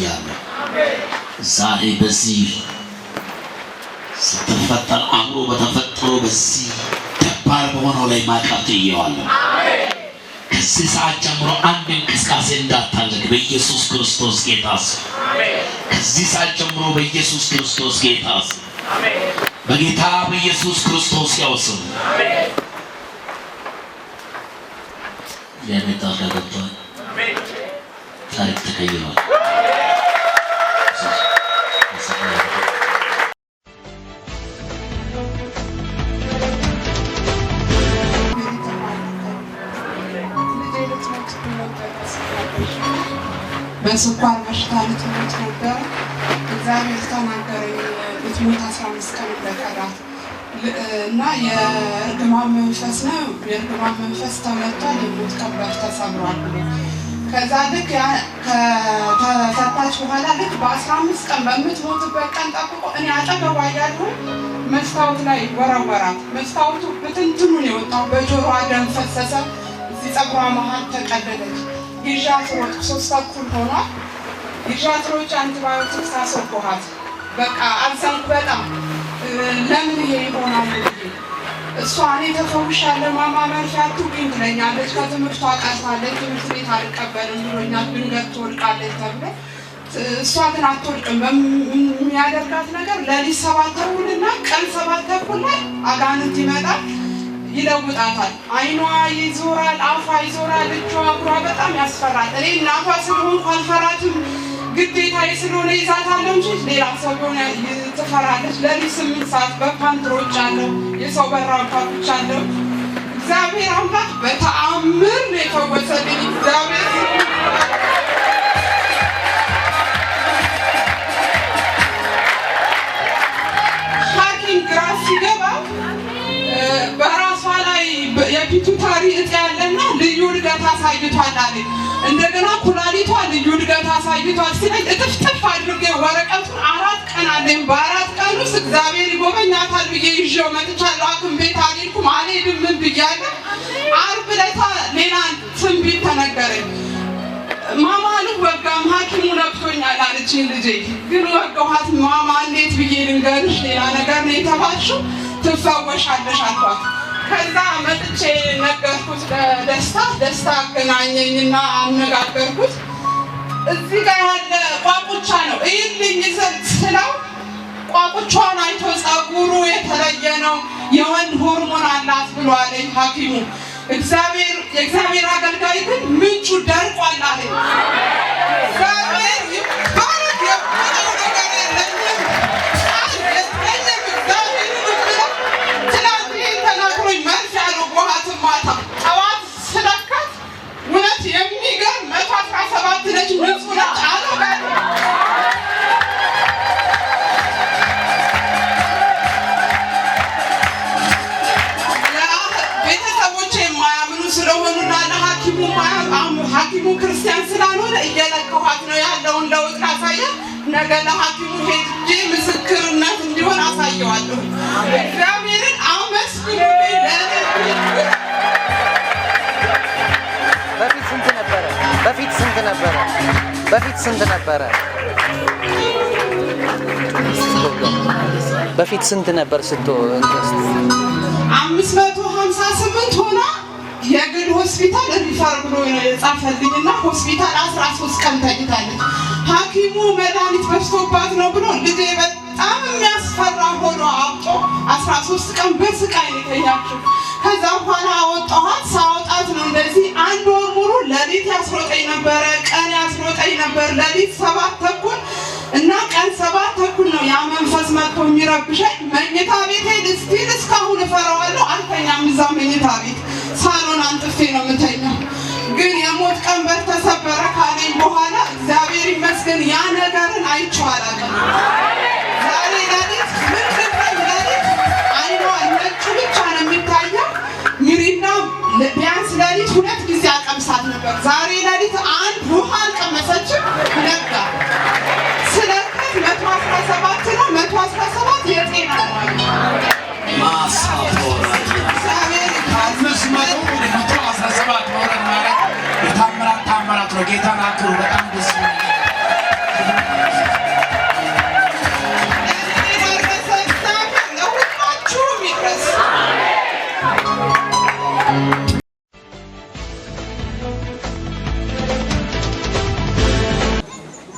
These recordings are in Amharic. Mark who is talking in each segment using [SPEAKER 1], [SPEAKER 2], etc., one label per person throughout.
[SPEAKER 1] እያለ ዛሬ በዚህ ስትፈጠር አእምሮ በተፈጠሮ በዚህ ደባል በሆነው ላይ ማቃት እየዋለን ከዚህ ሰዓት ጀምሮ አንድ እንቅስቃሴ እንዳታደርግ በኢየሱስ ክርስቶስ ጌታ ስም። ከዚህ ሰዓት ጀምሮ በኢየሱስ ክርስቶስ ጌታ ስም፣ በጌታ በኢየሱስ ክርስቶስ ያው ስም ያኔ ታሪክ ተቀይሯል።
[SPEAKER 2] በስኳር በሽታ ልትሞት ነበር። እግዚአብሔር ተናገረኝ ልትሞት አስራ አምስት ቀን በቀራት እና የእርግማን መንፈስ ነው የእርግማን መንፈስ ተመቷል፣ የሞት ቀንበር ተሰብሯል ከዛ ልክ ከተፈታች በኋላ ልክ በአስራ አምስት ቀን በምትሞትበት ቀን ጠብቆ እኔ አጠገቧ እያለሁ መስታወት ላይ ወረወራት። መስታወቱ ነው የወጣው በጆሮዋ ደም ፈሰሰ። እዚህ ፀጉሯ መሀል ተቀደደች። ይዣት ሮጥኩ። ሶስት ተኩል ሆኗል። ይዣት ሮጬ አንቲባዮቲክ ሳስወቅኋት በቃ አዘንኩ በጣም ለምን ይሄ ይሆናል? እሷ እኔ ተፈውሻለሁ ማማ መርፌ አትውጊኝ ትለኛለች። ከትምህርቷ ቀርታለች። ትምህርት ቤት አልቀበልም ብሎኛል። ድንገት ትወድቃለች ተብለ እሷ ግን አትወድቅም። የሚያደርጋት ነገር ለሊት ሰባት ተኩልና ቀን ሰባት ተኩል ላይ አጋንንት ይመጣል ይለውጣታል። አይኗ ይዞራል፣ አፏ ይዞራል፣ እጇ እግሯ በጣም ያስፈራል። እኔ እናቷ ስለሆንኩ አልፈራትም፣ ግዴታ ስለሆነ ይዛታለሁ እንጂ ሌላ ሰው ሆነ ትፈራለች። ለሊት ስምንት ሰዓት በፓንትሮች አለው የሰው በራ ብቻ አለው እግዚአብሔር አምላክ በተአ እንደገና ኩላሊቷ ልዩ እድገት አሳይቷል ሲለኝ እጥፍጥፍ አድርጌ ወረቀቱን አራት ቀን አለኝ። በአራት ቀን ውስጥ እግዚአብሔር ይጎበኛታል ብዬ ይዤው መጥቻለሁ። ሐኪም ቤት አልሄድኩም አልሄድም ምን ብያለ። አርብ ዕለት ሌላ ትንቢት ተነገረኝ። ማማ ወጋም ሐኪሙ ነቅቶኛል አለችኝ። ልጄ ግን ወገኋት። ማማ እንዴት ብዬ ልንገርሽ ሌላ ነገር ነው የተባልሽው፣ ትፈወሻለሽ አልኳት። ከዛ መጥቼ ነገርኩት ለደስታ። ደስታ አገናኘኝና አነጋገርኩት። እዚህ ጋር ያለ ቋቁቻ ነው ይህልኝ ስለው ቋቁቿን አይቶ ጸጉሩ የተለየ ነው የወንድ ሆርሞን አላት ብሎ ሀኪሙ ሐኪሙ። የእግዚአብሔር አገልጋይ ግን ምንጩ ደርቋል አለኝ። ነገ ለሐኪሙ ሄጄ ምስክርነት እንዲሆን አሳየዋለሁ። እግዚአብሔርን አመስግኑ።
[SPEAKER 1] በፊት ስንት ነበረ? በፊት ስንት ነበረ? በፊት ስንት ነበረ? በፊት ስንት ነበር? ስቶ
[SPEAKER 2] አምስት መቶ ሀምሳ ስምንት የግል ሆስፒታል ሪፈር ብሎ የጻፈልኝና ሆስፒታል አስራ ሶስት ቀን ተኝታለች። ሐኪሙ መድኃኒት በዝቶባት ነው ብሎ ልጄ በጣም የሚያስፈራ ሆኖ አብጦ አስራ ሶስት ቀን በስቃይ ነው የተኛችው። ከዛ በኋላ አወጣኋት። ሳወጣት ነው እንደዚህ አንድ ወር ሙሉ ሌሊት ያስሮጠኝ ነበረ፣ ቀን ያስሮጠኝ ነበር። ሌሊት ሰባት ተኩል እና ቀን ሰባት ተኩል ነው ያ መንፈስ መጥቶ የሚረብሸኝ። መኝታ ቤቴ ስቲል እስካሁን እፈራዋለሁ፣ አልተኛም። እዛ መኝታ ቤት ሳሎን አንጥፌ ነው የምተኛው። ግን የሞት ቀንበር አይቼው አላውቅም።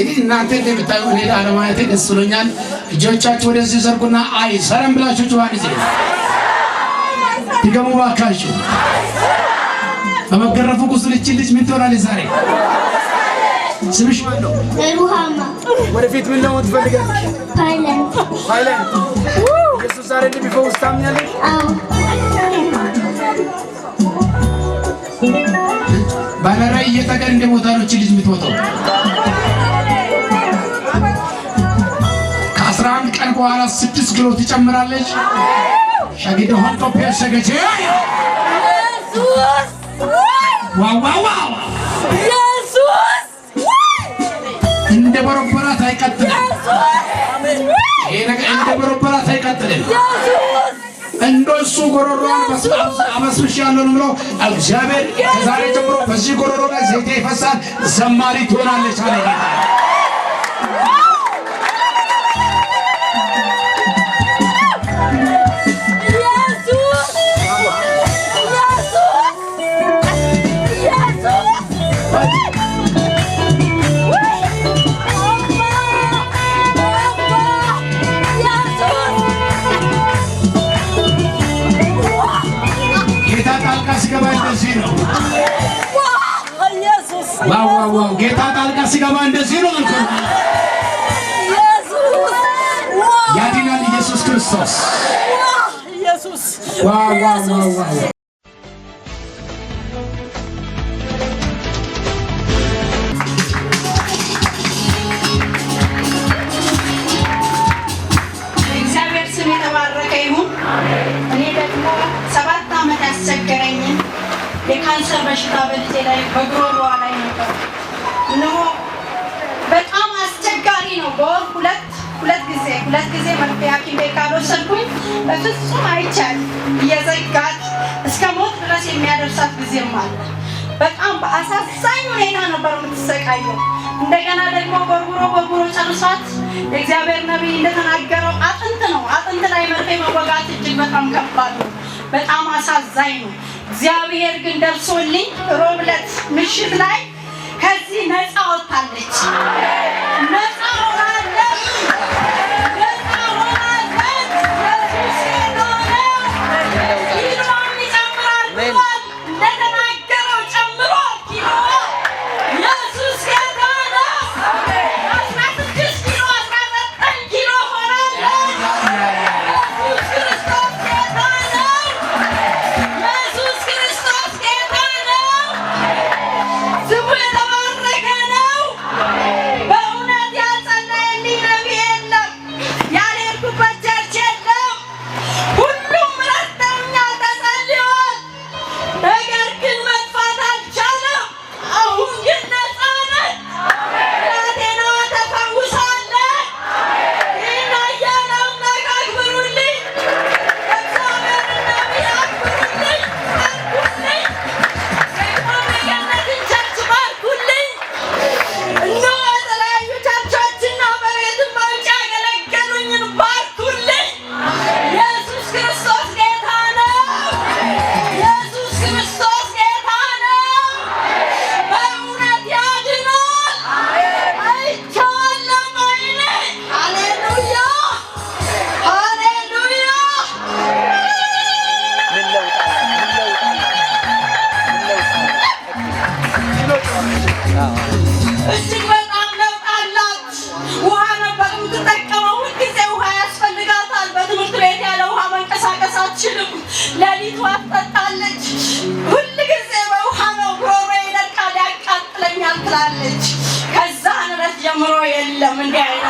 [SPEAKER 1] እንግዲህ እናንተ እንደምታዩ እኔ ላለማየቴ ደስ ብሎኛል። እጆቻችሁ ወደዚህ ዘርጉና አይሰረም ብላችሁ ጭዋን ጊዜ ድገሙ ባካችሁ። በመገረፉ ቁስል ይቺ ልጅ ምን ትሆናለች ዛሬ? ስምሽ ማነው? ወደፊት ምን ለመሆን ትፈልጋለሽ? ኢየሱስ ዛሬ እንደሚፈውስ ታምኛለሽ? ባለራዕይ እየተቀን እንደሞታ ልጅ የምትወጣው። በኋላ ስድስት ኪሎ ትጨምራለች። ሸግደ ሆንቶ ፔሰገቼ እንደ በረበራት አይቀጥልም። እንደ በረበራት አይቀጥልም። እንደ እሱ ጎረሮ አመስብሽ ያለን ብሎ እግዚአብሔር ከዛሬ ጀምሮ በዚህ ጎረሮ ላይ ዘይቴ ይፈሳል፣ ዘማሪ ትሆናለች አለ ጌታ ጣልቃ ሲገባ እንደዚህ ነው አልኩ። ያድናል ኢየሱስ ክርስቶስ። ኢየሱስ ዋ ዋ
[SPEAKER 3] ሰባት ዓመት ያስቸገረኝን የካንሰር በሽታ በልጄ ላይ በጉሮሮዋ ላይ ነበር። እነሆ በጣም አስቸጋሪ ነው። በወር ሁለት ሁለት ጊዜ ሁለት ጊዜ ካልወሰድኩኝ በፍጹም አይቻል እየዘጋት እስከ ሞት ድረስ የሚያደርሳት ጊዜም አለ። በጣም በአሳዛኝ ሁኔታ ነበር የምትሰቃየው። እንደገና ደግሞ ጎርጉሮ ጎርጉሮ ጨርሷት የእግዚአብሔር ነቢይ እንደተናገረው አጥንት ነው። አጥንት ላይ መርፌ መወጋት እጅግ በጣም ከባድ ነው። በጣም አሳዛኝ ነው። እግዚአብሔር ግን ደርሶልኝ ሮብለት ምሽት ላይ ለሊቱ አጠጣለች። ሁልጊዜ በውሃ ነው ጉሮሮ ይነቃል፣ ያቃጥለኛል ትላለች። ከዛ ዕለት ጀምሮ የለም እንዲህ አይነት